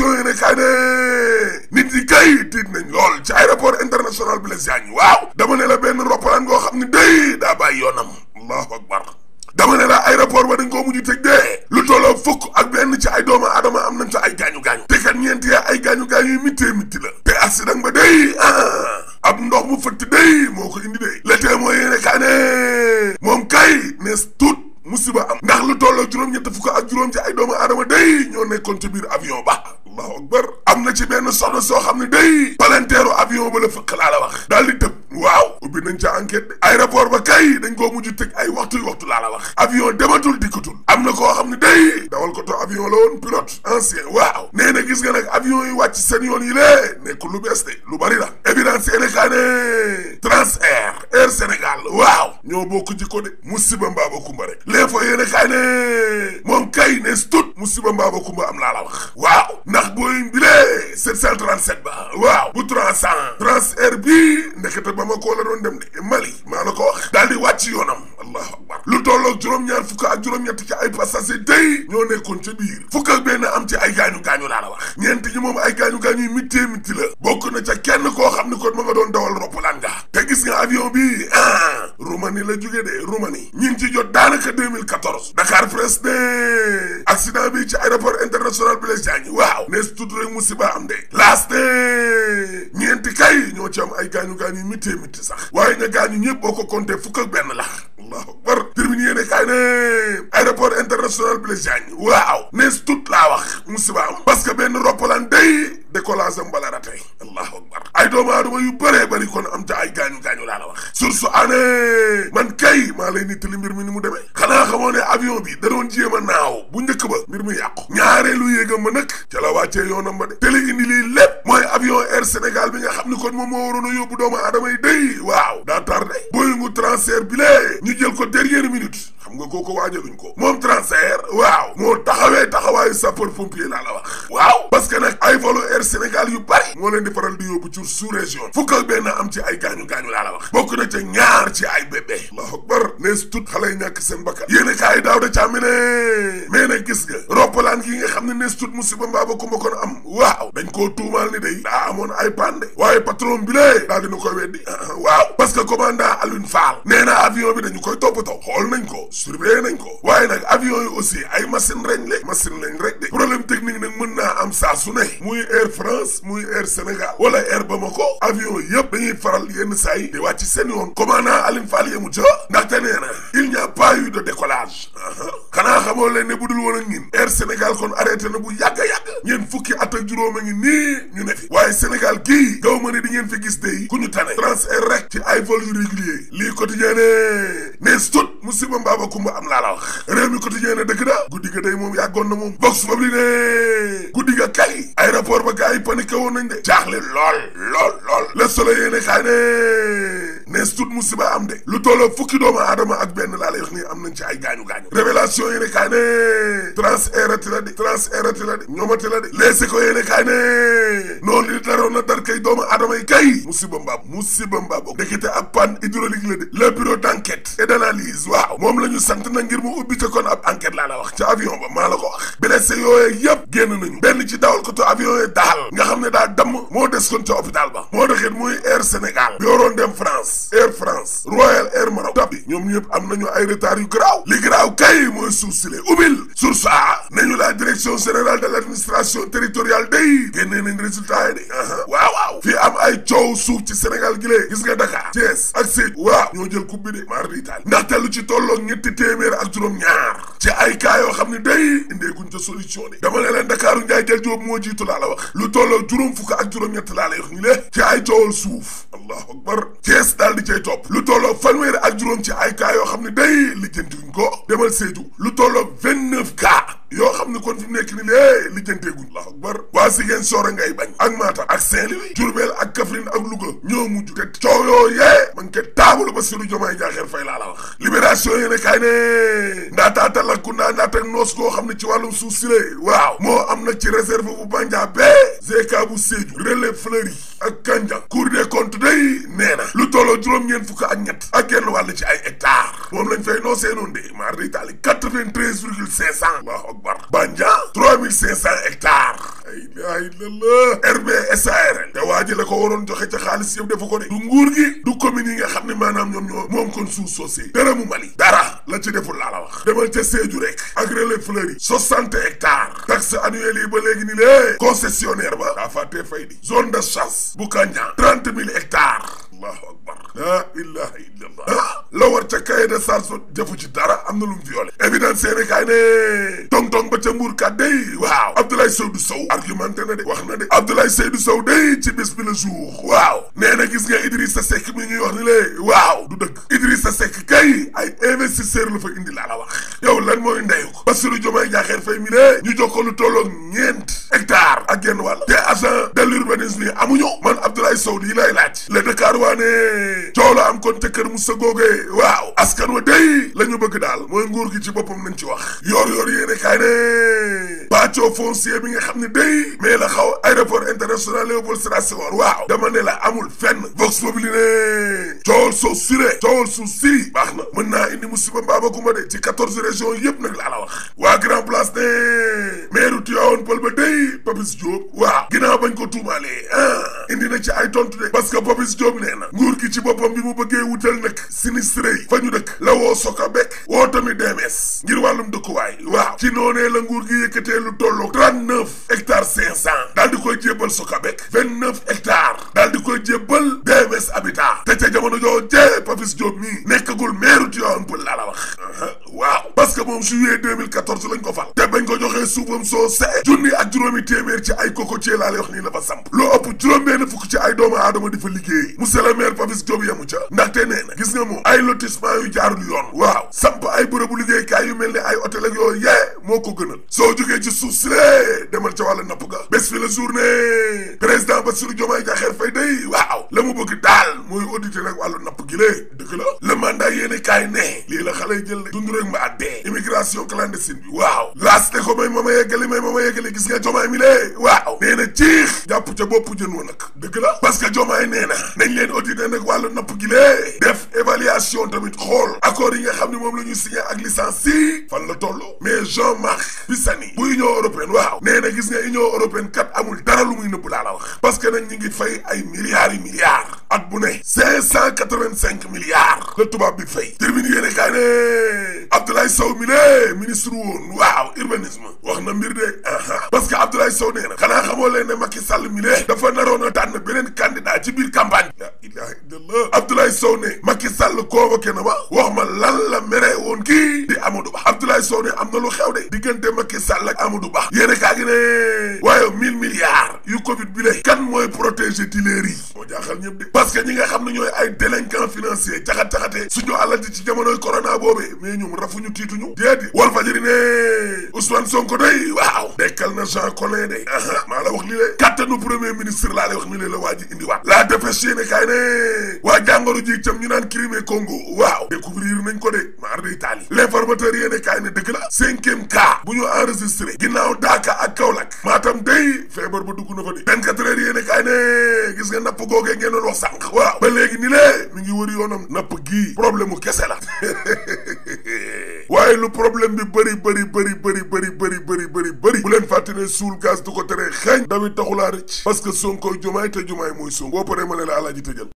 Libération yéene kaay ne nit ñi kay tiit nañ lool ci aéroport international Blaise Diagne waaw dama ne la benn roppalaan ngoo xam ne day daa bàyyi yoonam allahu akbar dama ne la ba dañ koo mujj tëj dee lu tolloo fukk ak benn ci ay doomu aadama am nañ ca ay gaañu-gaañu te kat ñeent ya ay gaañu-gaañu yu mittee mitti la te accident ba day ah ab ndox mu fëtt day moo ko indi day le témoin yéene kaay ne moom kay nees tuut musiba am ndax lu tolloo juróom-ñett fukk ak juróom ci ay doomu aadama day ñoo nekkoon ci biir avion allahu akbar am na ci benn soxna soo xam ne day palanteeru avion ba la fëkk laa la wax daal di tëb waaw ubbi nañ ca enquête de aéroport ba kay dañ koo mujj tëj ay waxtuy waxtu laa la wax avion dematul dikkatul am na koo xam ne day dawal ko to avion la woon ancien waaw nee na gis nga nag avion yi wàcc seen yoon yi lée nekkul lu bees de lu bari la évidence yéene kaa ne Transair Air Sénégal waaw ñoo bokk jikko de musiba mbaaba kumba rek les fois yéene kaa ne moom kay ne stut musiba mbaaba kumba am laa la waaw ndax booy bilee 737 ba waaw bu 300 Transair bi ndekete ba ma koo doon dem de Mali maa la ko wax daal di wàcc yoonam allahu akbar lu tolloog juróom-ñaar fukk ak juróom-ñett ci ay passagers day ñoo nekkoon ca biir fukk ak am ci ay gaañu gaañu laa la wax ñeent ñi moom ay bokk na ca kenn koo xam ni kon ma nga doon dawal roppalaan nga te gis nga avion bi ah Roumanie la jóge de Roumanie ñi ngi ci jot daanaka 2014 Dakar Presse de accident bi ci aéroport international Blaise Diagne waaw nees tudd rek musiba am de laaste ñeenti kay ñoo ci am ay gaañu gaañu mittee mitti sax waaye ña gaañu ñëpp boo ko compté fukk benn la allahu akbar terminé yéene kaay ne aéroport laa wax musiba am parce que benn roppalaan day décollage am bala ratey allahu akbar ay doomu aadama yu bëree bëri kon am te ay gaañu-gaañu laa la wax sursu anée man kay maa lay nittali mbir mi ni mu demee xanaa xamoo ne avion bi da doon jéem naaw bu njëkk ba mbir mi yàqu ñaareelu yéegam ba nag ca la wàccee yoonam ba de te li lépp mooy avion Air Sénégal bi nga xam ni kon moom moo waroon yóbbu doomu aadama yi day waaw daa tardé Boeing transfert bi lee ñu jël ko dernière minute xam nga kooku waajaluñ ko moom transfert waaw moo taxawee taxawaayu sapeur pompier laa la wax waaw parce que nag ay volu Air Sénégal yu bari moo leen di faral di yóbbu ci sous région fukk ak am ci ay gaañu-gaañu laa la wax bokk na ca ñaar ci ay bébé allahu akbar nees tut xale yi ñàkk seen bakkan yéeni kaa yi daaw da càmmi ne gis nga roppalaan gi nga xam ne nees tut musiba mbaa ba kumba kon am waaw dañ koo tuumaal ni day daa amoon ay pande waaye patron bi parce que commandant Alioune Fall nee na avion bi dañu koy xool nañ ko surveillé nañ ko waaye nag avion yi aussi ay machine reñ la machine lañ rek de problème technique nag mën naa am saa su ne muy Air France muy Air Sénégal wala Air Bamako avion yëpp dañuy faral yenn saa yi di wàcc seen yoon commandant Aline Fall yemu ca ndaxte nee na il n'y a pas eu de décollage xanaa xamoo leen ne bu dul woon ak ñin Air Sénégal kon arrêté na bu yàgg a yàgg fukki at ak juróom a ngi nii ñu ne fi waaye Sénégal gii gaw ma ne di ngeen fi gis tey ku ñu tane Transair rek ci ay vol yu régulier lii quotidien ne sut musiba mbaaba kumba am laa la wax réew mi quotidien ne dëgg da guddi ga day moom yàggoon na moom box fab li ne guddi ga kay aéroport ba gars yi paniqué woon nañ de jaaxle lool lool lool le soleil yéene xaay ne nees tut musiba am de lu tolloo fukki doomu aadama ak benn laa lay wax nii am nañ ci ay gaañu-gaañu révélation yéene xaay ne trans erati la di trans erati la di ñoomati la di leesi ko yéene xaay ne kay doomu aadama yi kay musiba mbaab musiba mbaab ndekete ab panne hydraulique la de le bureau d'enquête et d'analyse waaw moom la ñu sant na ngir mu ubbi ca kon ab enquête laa la wax ca avion ba maa la ko wax blessé yooyee yépp génn nañu benn ci dawal koto avion yee daal nga xam ne daa damm moo des kon ca hôpital ba moo taxit muy air Sénégal bi dem France air France Royal Air Maroc tabbi ñoom ñëpp am nañu ay retard yu garaaw li garaaw kay mooy suuf a waaw fii am ay coow suuf ci Sénégal gi lée gis nga Dakar Thiès ak Sédhiou waaw ñoo jël coupe bi de maar di Italie ndaxte lu ci tolloog ñetti téeméer ak juróom ñaar ci ay cas yoo xam ne day indee guñ ca solution de dama ne leen Dakaaru Njaay jël Jóob moo jiitu laa wax lu tolloog juróom fukk ak juróom-ñett laa la wax ñu le ci ay coowal suuf allahu akbar Thiès daal di cay topp lu tolloog fanweer ak juróom ci ay cas yoo xam ne day lijjanti wuñ ko demal Sédhiou lu tolloog vingt-neuf yoo xam ne kon fi mu nekk ni lée li jënteeguñ Allahu akbar waa Ziguinchor soora bañ ak Matam ak Saint-Louis Diourbel ak Kaffrine ak Louga ñoo mujj te coow yoo yee man ke taabalu ba siru jomaay jaaxeer fay laa la wax libération yéene kaay ne ndaataatal la ku ndaata noos koo xam ne ci wàllum suuf si lee waaw moo am na ci réserve bu Bandia bee GK bu Sédhiou Relais Fleury ak Kandiang Cour des comptes day nee lu tolloo juróom-ñeent fukk ak ñett ak genn wàll ci ay hectare moom lañ fay quatre-vingt-treize virgule cinq cent allahu akbar Bandia trois mille cinq cent hectares ay laa illallah RBSARL te waa ji la ko waroon joxe ca xaalis yëpp dafa ko de du nguur gi du commune yi nga xam ne maanaam ñoom ñoo moom kon suuf soosé dara mu Mali dara la ci deful laa la wax demal ca Sédhiou rek ak Relais Fleury soixante hectares taxe annuelle yi ba léegi ni lée concessionnaire ba daa fàttee fay di zone de chasse bu Kandian trente mille hectares allahu akbar la ilaha illa allah la war ca cahier de charge defu ci dara am na lu mu violé évidence yéene kaay ne tong-tong ba ca mbuur kat day waaw Abdoulaye Seydou Sow argumenté na de wax na de Abdoulaye Seydou Sow day ci bés bi le jour waaw nee na gis nga Idrissa Seck mi ñuy wax ni lée waaw du dëgg Idrissa Seck kay ay investisseur lu fa indi laa la wax yow lan mooy ndeyu ko Bassirou Diomaye Diakhar Faye mi de ñu jox ko lu tolloog ñeent hectare ak genn wàll mécanisme yi amuñu man Abdoulaye Sow lii lay laaj Dakar waa ne la am kon te kër Moussa googee waaw askan wa day la ñu bëgg daal mooy nguur gi ci boppam nañ ci wax yoor yoor yéene kaay ne pàccoo foncier bi nga xam ne day mais la xaw aéroport international Léopold Sédar Senghor waaw dama la amul fenn vox populi ne coowal soo suré coowal su siri baax na mën naa indi musiba mbaaba ku ma de ci quatorze régions yëpp nag laa la wax waa Grand Place ne maire Tivaouane Peulh ba day Papis Diop waaw ginnaaw bañ indi na ci ay tontu de parce que Papis Diop nee na nguur gi ci boppam bi mu bëggee wutal nag sinistre yi fa ñu dëkk la woo soka woo tamit DMS ngir wàllum dëkkuwaay waaw ci noonee la nguur gi yëkkatee lu tollu trente-neuf hectares cinq cent daal di koy jébbal soka bekk vingt-neuf hectares daal di koy jébbal DMS Habitat te ca jamono joo jee Papis Diop mii nekkagul meeru ci yoon pël la la wax waaw parce que moom juillet 2014 lañ ko fal te bañ ko joxee suufam soo see junni ak juróomi téeméer ci ay cocotier laa lay wax nii la fa samp loo ëpp juróom-benn fukk ci ay doomu aadama di fa liggéey monsieur le maire Papis Diop yamu ca ndaxte nee na gis nga moom ay lotissement yu jaarul yoon waaw samp ay bërëbu liggéeykaay yu mel ne ay hôtel yooyu yee moo ko gënal soo jógee ci suuf si lee demal ca wàllu napp ga bés fi la journée président Bassirou Diomaye Diakhar wurin ba immigration clandestine bi waaw laas ne ko may ma ma yeggali may na parce que jomaay nee na leen audité nag wàllu napp gi lee def xam ne moom la ñu signé ak licence yi fan la toll mais Jean-Marc Pisani bu union européenne waaw nee na gis nga union européenne kat amul dara lu muy nëbb laa la wax parce que nag ñi ngi fay ay milliards yi milliards at bu ne cinq cent quatre vingt la tubaab bi fay termine yéene kaa ne Abdoulaye mi ne ministre woon waaw urbanisme wax na mbir de aha parce que Abdoulaye Sow nee na xanaa xamoo leen ne Macky Sall mi ne dafa naroon a tànn beneen candidat ci biir campagne la ilaha illallah Abdoulaye Sow ne Macky Sall convoqué na ma wax ma lan la woon kii di Amadou Ba Abdoulaye Sow ne am na lu xew de diggante Macky Sall ak Amadou Ba yéene Covid bi le kan mooy protéger dealers yi moo jaaxal ñëpp de parce que ñi nga xam ne ñooy ay délinquants financiers caxat-caxate suñu alal ji ci jamonoy corona boobee mais ñum rafuñu tiituñu déedéet Walf Fadjri ne Ousmane Sonko day waaw dekkal na Jean Collin day aha maa la wax li le kàttanu premier ministre laa lay wax ni le la waa ji la dépêche yéene kaay ne waa jàngoro ji cam ñu naan Crimée Congo waaw découvrir nañ ko de maar day taali kaay ne dëgg bi 24 heures yéen a kaay ne gis nga napp googee ngeen doon wax sànq waaw ba léegi nii lee mi ngi wër yoonam napp gii problème mu kese la waaye lu problème bi bëri bëri bëri bëri bëri bari bëri bëri bëri bu leen fàtte ne suul gaz du ko tere xeeñ dawit taxulaa rëcc parce que Sonko jumaay te jumaay mooy Sonko boo paree ma ne la alaaji tëjal